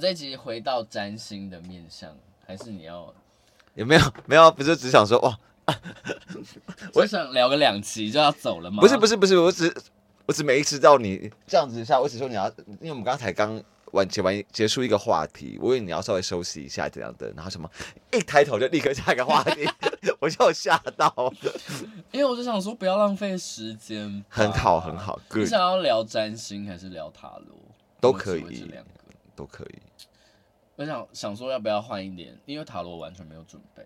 這一集回到占星的面相，還是你要有沒有沒有？不是只想說哇，我、啊、想聊個兩集就要走了嗎？不是不是不是，我只我只沒一次到你這樣子一下，我只說你要，因為我們剛才剛完結完結束一個話題，我以為你要稍微休息一下這樣的，然後什麼一抬頭就立刻下一個話題， 我就嚇到。因為我就想說不要浪費時間，很好很好。你想要聊占星還是聊塔羅？都可以。都可以，我想想說要不要換一點，因為塔羅完全沒有準備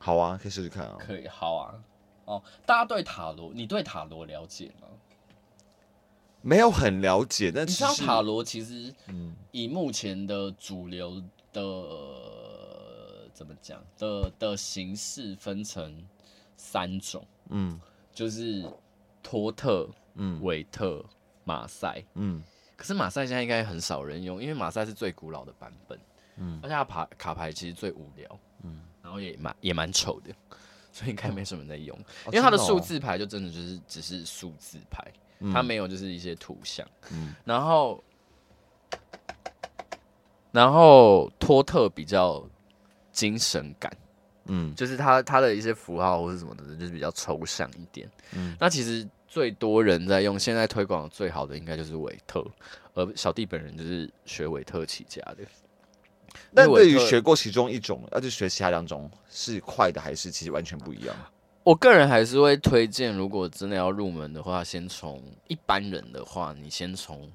好啊，可以試試看啊，可以，好啊，哦，大家對塔羅，你對塔羅了解嗎？沒有很了解，但你知道塔羅其實，以目前的主流的、嗯呃、怎麼講的的形式分成三種，嗯，就是托特、嗯、韋特、馬賽，嗯。可是馬賽現在應該很少人用，因為馬賽是最古老的版本，嗯，而且它卡卡牌其實最無聊，嗯，然後也蠻也蠻醜的，嗯、所以應該沒什麼人在用，哦、因為它的數字牌就真的就是只是數字牌，嗯、它沒有就是一些圖像，嗯然，然後然後托特比較精神感，嗯，就是它它的一些符號或者什麼的，就是比較抽象一點，嗯，那其實。最多人在用，現在推廣最好的應該就是韋特，而小弟本人就是學韋特起家的。但對於學過其中一種，那就學其他兩種，是快的還是其實完全不一樣？嗯、我個人還是會推薦，如果真的要入門的話，先從一般人的話，你先從。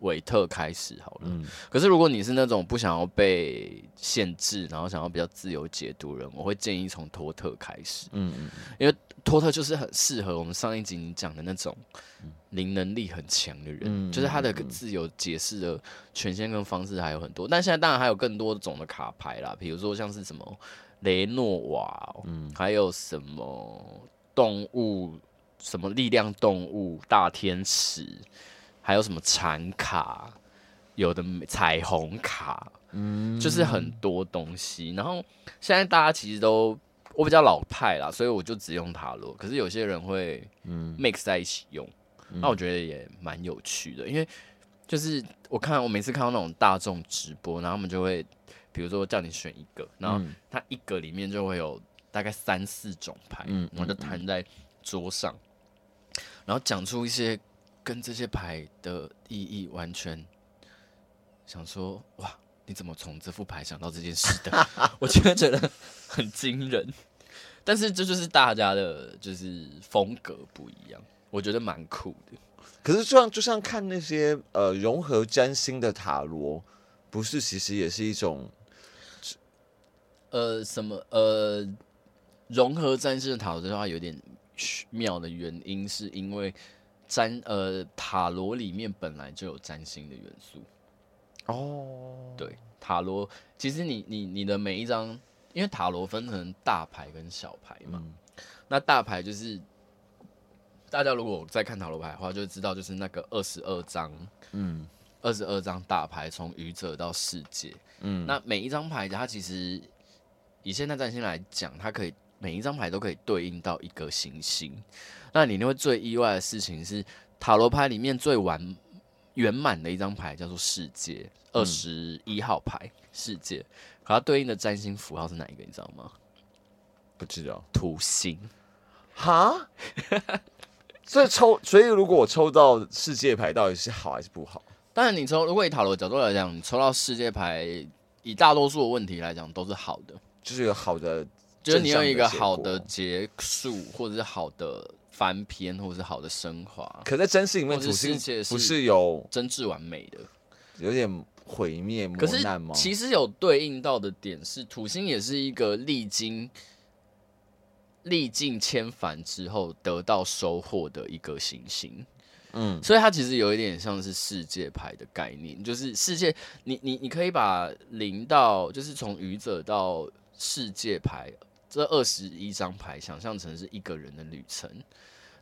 韋特開始好了，嗯、可是如果你是那種不想要被限制，然後想要比較自由解讀的人，我會建議從托特開始，嗯，因為托特就是很適合我們上一集你講的那種靈能力很強的人，嗯、就是他的自由解釋的權限跟方式還有很多。嗯、但現在當然還有更多種的卡牌啦，比如說像是什麼雷諾瓦，嗯，還有什麼動物，什麼力量動物，大天使。還有什麼禪卡，有的彩虹卡，嗯，就是很多東西。然後現在大家其實都我比較老派啦，所以我就只用塔羅。可是有些人會嗯 mix 在一起用，嗯、那我覺得也蠻有趣的，因為就是我看我每次看到那種大眾直播，然後他們就會比如說我叫你選一個，然後它一個裡面就會有大概三四種牌，我就攤在桌上，嗯嗯嗯然後講出一些。跟這些牌的意義完全，想說哇，你怎麼從這副牌想到這件事的？ 我覺得覺得很驚人，但是這就是大家的就是風格不一樣，我覺得蠻酷的。可是就像就像看那些呃融合占星的塔羅，不是其實也是一種，呃什麼呃融合占星的塔羅的話，有點奇妙的原因是因為。占呃塔羅裡面本來就有占星的元素哦，oh. 對塔羅，其實你你你的每一張，因為塔羅分成大牌跟小牌嘛，嗯、那大牌就是大家如果在看塔羅牌的話，就知道就是那個二十二張，嗯，二十二張大牌從愚者到世界，嗯，那每一張牌它其實以現在占星來講，它可以。每一張牌都可以對應到一個行星。那你那最意外的事情是塔羅牌裡面最完圓滿的一張牌叫做“世界”，二十一號牌“世界”，可它對應的占星符號是哪一個？你知道嗎？不知道，土星。哈蛤， 所以抽，所以如果我抽到“世界”牌，到底是好還是不好？當然，你從如果以塔羅的角度來講，你抽到“世界”牌，以大多數的問題來講都是好的，就是有好的。就是你有一個好的結束，或者是好的翻篇，或者是好的升華。可在真實裡面，土星也不是有真摯完美的，有點毀滅磨難嗎？其實有對應到的點是，土星也是一個歷經歷盡千帆之後得到收穫的一個行星。嗯，所以它其實有一點像是世界牌的概念，就是世界，你你你可以把零到就是從愚者到世界牌。這二十一張牌想象成是一個人的旅程，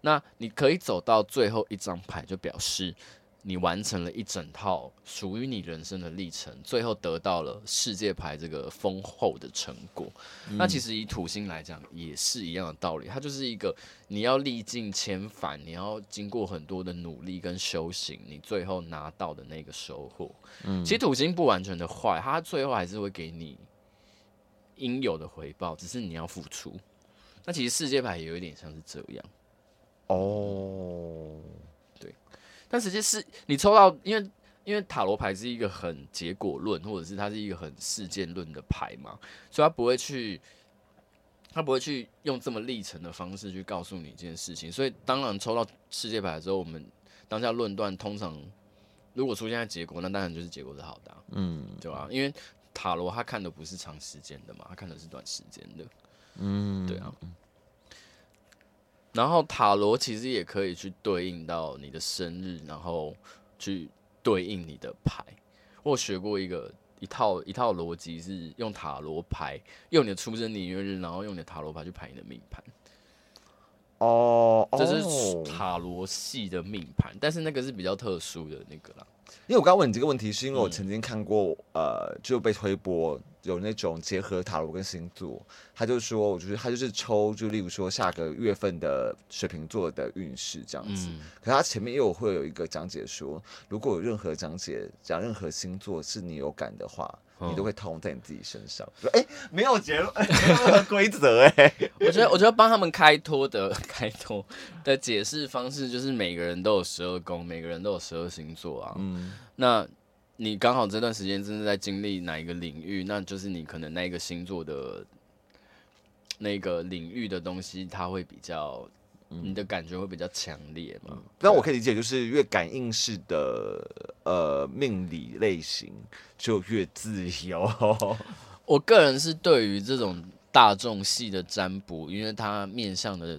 那你可以走到最後一張牌，就表示你完成了一整套屬於你人生的歷程，最後得到了世界牌這個豐厚的成果。嗯，那其實以土星來講也是一樣的道理，它就是一個你要歷盡千帆，你要經過很多的努力跟修行，你最後拿到的那個收穫。嗯，其實土星不完全的壞，它最後還是會給你，應有的回報，只是你要付出。那其實世界牌也有一點像是這樣，哦，oh. 對。但實際是你抽到，因為因為塔羅牌是一個很結果論，或者是它是一個很事件論的牌嘛，所以它不會去，它不會去用這麼歷程的方式去告訴你這件事情。所以當然抽到世界牌的時候，我們當下論斷，通常如果出現在結果，那當然就是結果是好的啊。嗯，mm. 對吧？因為。塔羅他看的不是長時間的嘛，他看的是短時間的，嗯，對啊。然後塔羅其實也可以去對應到你的生日，然後去對應你的牌。我學過一個一套一套邏輯是用塔羅牌，用你的出生年月日，然後用你的塔羅牌去排你的命盤。哦，uh, oh. 這是塔羅系的命盤，但是那個是比較特殊的那個啦。因為我剛剛問你這個問題，是因為我曾經看過，嗯、呃，就被推播，有那種結合塔羅跟星座，他就說，我覺得、我就是、他就是抽，就例如說下個月份的水瓶座的運勢這樣子。嗯、可是他前面又會有一個講解說，如果有任何講解講任何星座是你有感的話。你都會痛在你自己身上。哎、oh. 欸，沒有結論規則哎。欸欸、 我覺得，我覺得幫他們開脫的開脫的解釋方式，就是每個人都有十二宮，每個人都有十二星座啊。嗯，那你剛好這段時間正在在經歷哪一個領域，那就是你可能那個星座的，那個領域的東西，它會比較。你的感覺會比較強烈嘛？嗯、對但我可以理解，就是越感應式的呃命理類型就越自由。 我個人是對於這種大眾系的占卜，因為它面向的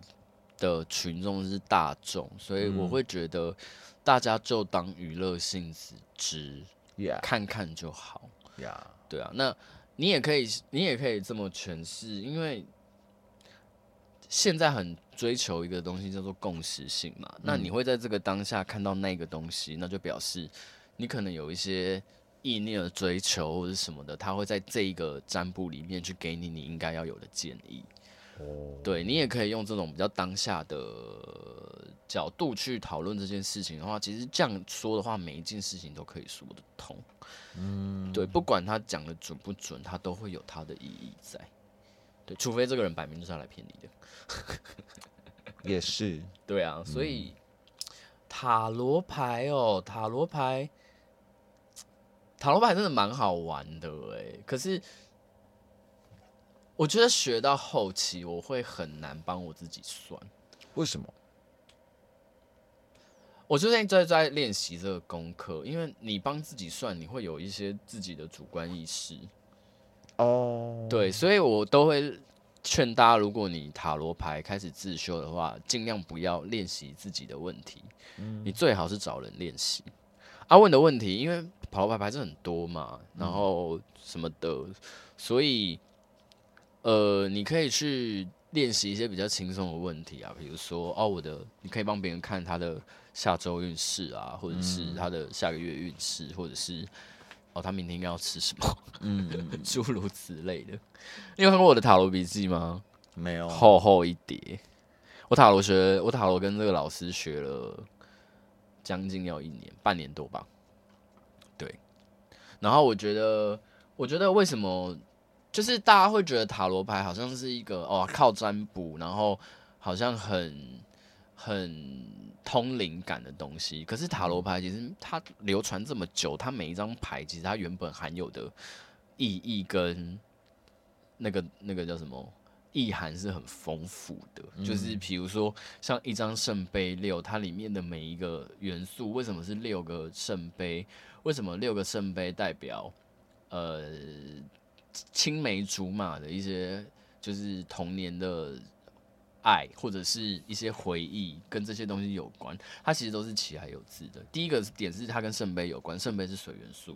的群眾是大眾，所以我會覺得大家就當娛樂性質，只 Yeah. 看看就好。Yeah. 對啊，那你也可以，你也可以這麼詮釋，因為。現在很追求一個東西叫做共時性嘛，嗯、那你會在這個當下看到那個東西，那就表示你可能有一些意念的追求或者什麼的，他會在這一個占卜裡面去給你你應該要有的建議。哦、對，你也可以用這種比較當下的角度去討論這件事情的話，其實這樣說的話，每一件事情都可以說得通。嗯，對，不管他講的準不準，他都會有他的意義在。對，除非這個人擺明就是要來騙你的，也是 對啊。嗯、所以塔羅牌哦，塔羅牌，塔羅牌真的蠻好玩的哎、欸。可是我覺得學到後期，我會很難幫我自己算。為什麼？我最近在在練習這個功課，因為你幫自己算，你會有一些自己的主觀意識。哦，oh. 對，所以我都會勸大家，如果你塔羅牌開始自修的話，儘量不要練習自己的問題，嗯、你最好是找人練習。阿、啊、問的問題，因為塔羅牌牌是很多嘛，然後什麼的，嗯、所以呃，你可以去練習一些比較輕鬆的問題啊，比如說哦，啊、我的，你可以幫別人看他的下周運勢啊，或者是他的下個月運勢，嗯、或者是。哦，他明天應該要吃什麼？嗯，諸 如此類的。你有看過我的塔羅筆記嗎？沒有，厚厚一疊。我塔羅學，我塔羅跟這個老師學了將近要一年，半年多吧。對。然後我覺得，我覺得為什麼就是大家會覺得塔羅牌好像是一個哦，靠占卜，然後好像很很。通靈感的東西，可是塔羅牌其實它流傳這麼久，它每一張牌其實它原本含有的意義跟那個那個叫什麼意涵是很豐富的。嗯、就是比如說像一張聖杯六，它裡面的每一個元素，為什麼是六個聖杯？為什麼六個聖杯代表呃青梅竹馬的一些就是童年的？愛或者是一些回憶，跟這些東西有關，它其實都是其來有自的。第一個點是它跟聖杯有關，聖杯是水元素；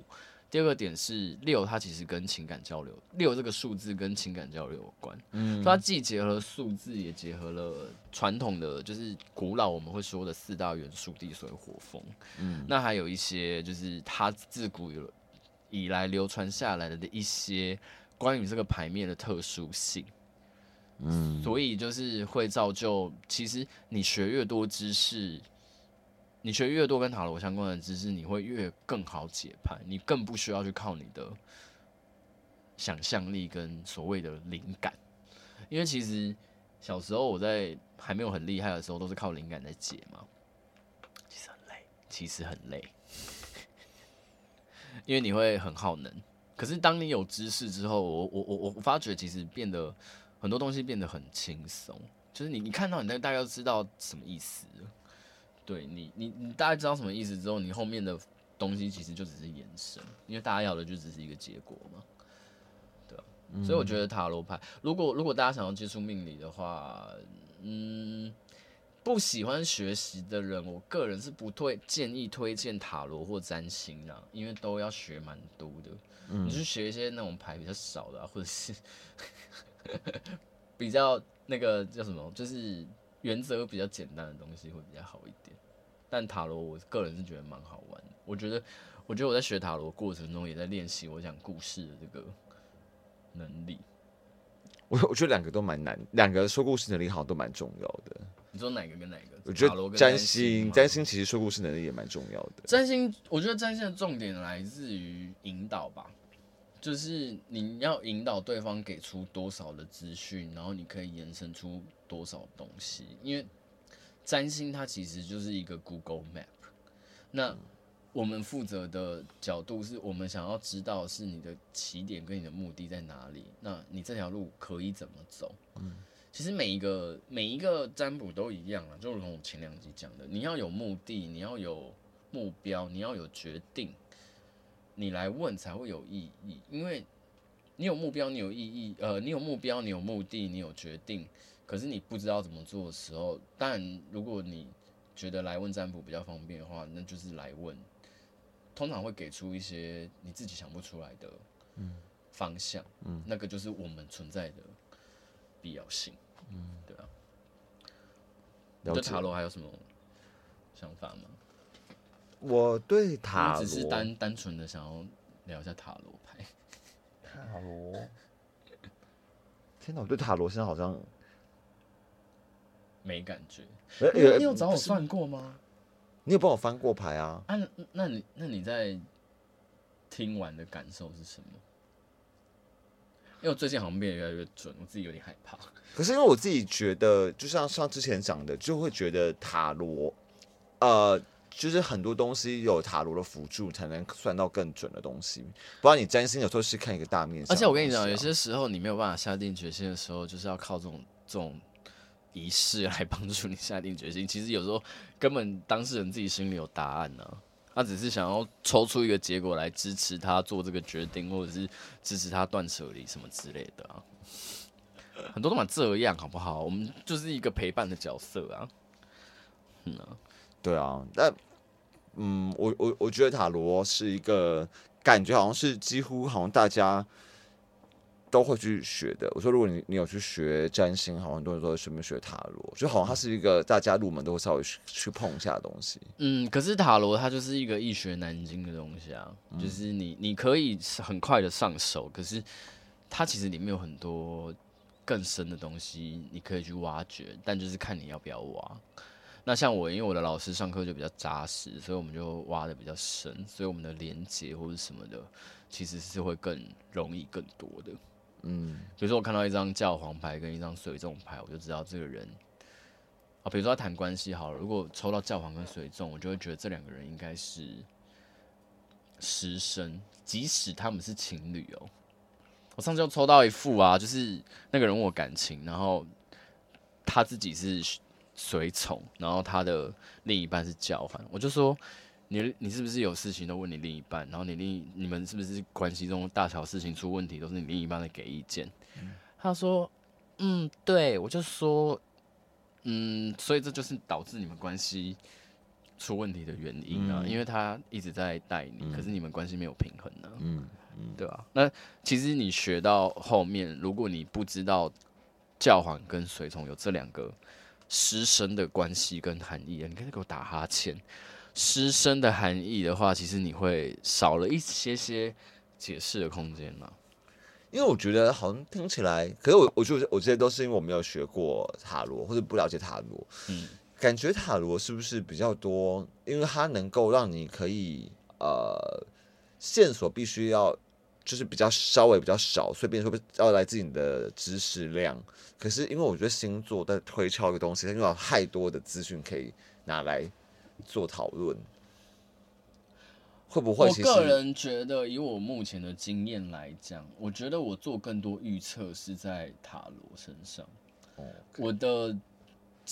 第二個點是六，它其實跟情感交流，六這個數字跟情感交流有關。嗯，所以它既結合了數字，也結合了傳統的，就是古老我們會說的四大元素：地、水、火、風。嗯，那還有一些就是它自古以來流傳下來的一些關於這個牌面的特殊性。所以就是會造就，其實你學越多知識，你學越多跟塔羅相關的知識，你會越更好解盤。你更不需要去靠你的想象力跟所謂的靈感，因為其實小時候我在還沒有很厲害的時候，都是靠靈感在解嘛，其實很累，其實很累， 因為你會很耗能。可是當你有知識之後，我我我我發覺其實變得。很多東西變得很輕鬆，就是你你看到，你大概都知道什麼意思，對你你你大概知道什麼意思之後，你後面的東西其實就只是延伸，因為大家要的就只是一個結果嘛，對，所以我覺得塔羅牌，嗯、如果如果大家想要接觸命理的話，嗯，不喜歡學習的人，我個人是不推建議推薦塔羅或占星啊，因為都要學蠻多的，嗯、你去學一些那種牌比較少的、啊，或者是。 比較那個叫什麼，就是原則比較簡單的東西會比較好一點。但塔羅我個人是覺得蠻好玩的，我覺得，我覺得我在學塔羅過程中也在練習我講故事的這個能力。我我覺得兩個都蠻難，兩個說故事能力好像都蠻重要的。你說哪個跟哪個？我覺得占星，占星其實說故事能力也蠻重要的。占星，我覺得占星的重點來自於引導吧。就是你要引導對方給出多少的資訊，然後你可以延伸出多少東西。因為占星它其實就是一個 Google Map，那我們負責的角度是我們想要知道是你的起點跟你的目的在哪裡，那你這條路可以怎麼走？嗯，其實每一個每一個占卜都一樣啊，就如同我前兩集講的，你要有目的，你要有目標，你要有決定。你來問才會有意義，因為你有目標，你有意義，呃，你有目標，你有目的，你有決定，可是你不知道怎麼做的時候，當然，如果你覺得來問占卜比較方便的話，那就是來問。通常會給出一些你自己想不出來的方向，嗯，嗯，那個就是我們存在的必要性，嗯，對啊。了解。對，塔羅還有什麼想法嗎？我對塔羅只是單單純的想要聊一下塔羅牌。塔羅，天哪！我對塔羅現在好像沒感覺。欸欸，你你有找我算過嗎？你有幫我翻過牌啊？啊，那那你，那你在聽完的感受是什麼？因為我最近好像變得越來越準，我自己有點害怕。可是因為我自己覺得，就像像之前講的，就會覺得塔羅，呃。就是很多東西有塔羅的輔助，才能算到更準的東西。不然你占星有時候是看一個大面相。而且我跟你講，有些時候你沒有辦法下定決心的時候，就是要靠這種這種儀式來幫助你下定決心。其實有時候根本當事人自己心裡有答案呢、啊，他、啊、只是想要抽出一個結果來支持他做這個決定，或者是支持他斷捨離什麼之類的、啊、很多都蠻這樣，好不好？我們就是一個陪伴的角色啊。嗯啊。對啊，但嗯，我我我覺得塔羅是一個感覺好像是幾乎好像大家都會去學的。我說如果你你有去學占星，好像很多人都會順便學塔羅，就好像它是一個大家入門都會稍微去碰一下的東西。嗯，可是塔羅它就是一個易學難精的東西啊，就是你你可以很快的上手，可是它其實裡面有很多更深的東西你可以去挖掘，但就是看你要不要挖。那像我，因為我的老師上課就比較扎實，所以我們就挖得比較深，所以我們的連接或者什麼的，其實是會更容易更多的。嗯，比如說我看到一張教皇牌跟一張水中牌，我就知道這個人啊，比如說他談關係好了，如果抽到教皇跟水中，我就會覺得這兩個人應該是師生，即使他們是情侶哦、喔。我上次又抽到一副啊，就是那個人問我感情，然後他自己是。隨從，然後他的另一半是教皇。我就說，你你是不是有事情都問你另一半？然後你另你們是不是關係中大小事情出問題都是你另一半在給意見？嗯、他說，嗯，對。我就說，嗯，所以這就是導致你們關係出問題的原因啊，嗯、因為他一直在帶你，可是你們關係沒有平衡呢、啊嗯。嗯嗯，對吧、啊？那其實你學到後面，如果你不知道教皇跟隨從有這兩個。師生的關係跟含義啊，你開始給我打哈欠。師生的含義的話，其實你會少了一些些解釋的空間嘛？因為我覺得好像聽起來，可是我我覺得我這些都是因為我沒有學過塔羅或者不了解塔羅。嗯，感覺塔羅是不是比較多？因為它能夠讓你可以呃線索必須要。就是比較稍微比較少，所以變成會要來自你的知識量。可是因為我覺得星座在推敲一個東西，它擁有太多的資訊可以拿來做討論，會不會？我個人覺得，以我目前的經驗來講，我覺得我做更多預測是在塔羅身上。Okay. 我的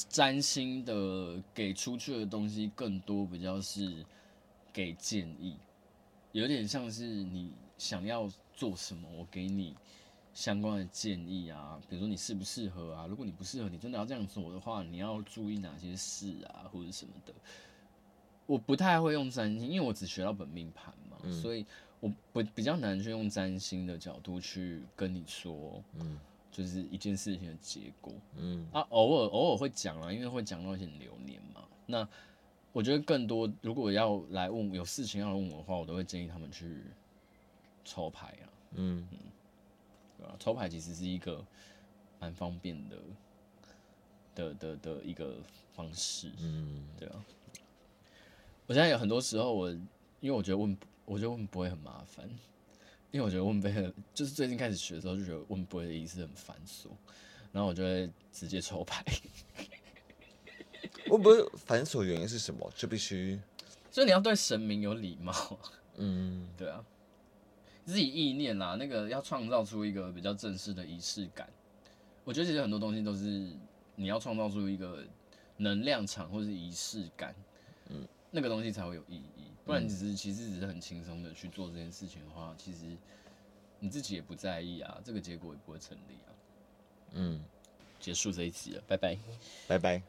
占星的給出去的東西更多，比較是給建議，有點像是你。想要做什麼，我給你相關的建議啊。比如說你適不適合啊？如果你不適合，你真的要這樣做的話，你要注意哪些事啊，或者什麼的。我不太會用占星，因為我只學到本命盤嘛，嗯，所以我不比較難去用占星的角度去跟你說，嗯，就是一件事情的結果，嗯啊，偶爾偶爾會講啊，因為會講到一些流年嘛。那我覺得更多，如果要來問有事情要問我的話，我都會建議他們去。抽牌啊，嗯，嗯對吧，啊？抽牌其實是一個蠻方便的的的的，的一個方式，嗯，對啊。我現在有很多時候我，我因為我覺得問，我覺得問不會很麻煩，因為我覺得問杯很，嗯、就是最近開始學的時候就覺得問不會的儀式很繁瑣，然後我就會直接抽牌。 問杯繁瑣原因是什麼？就必須，所以你要對神明有禮貌，嗯，對啊。自己意念啦、啊，那個要創造出一個比較正式的儀式感。我覺得其實很多東西都是你要創造出一個能量場或是儀式感，嗯，那個東西才會有意義。不然只是其實只是很輕鬆的去做這件事情的話，嗯、其實你自己也不在意啊，這個結果也不會成立啊。嗯，結束這一集了，拜拜，拜拜。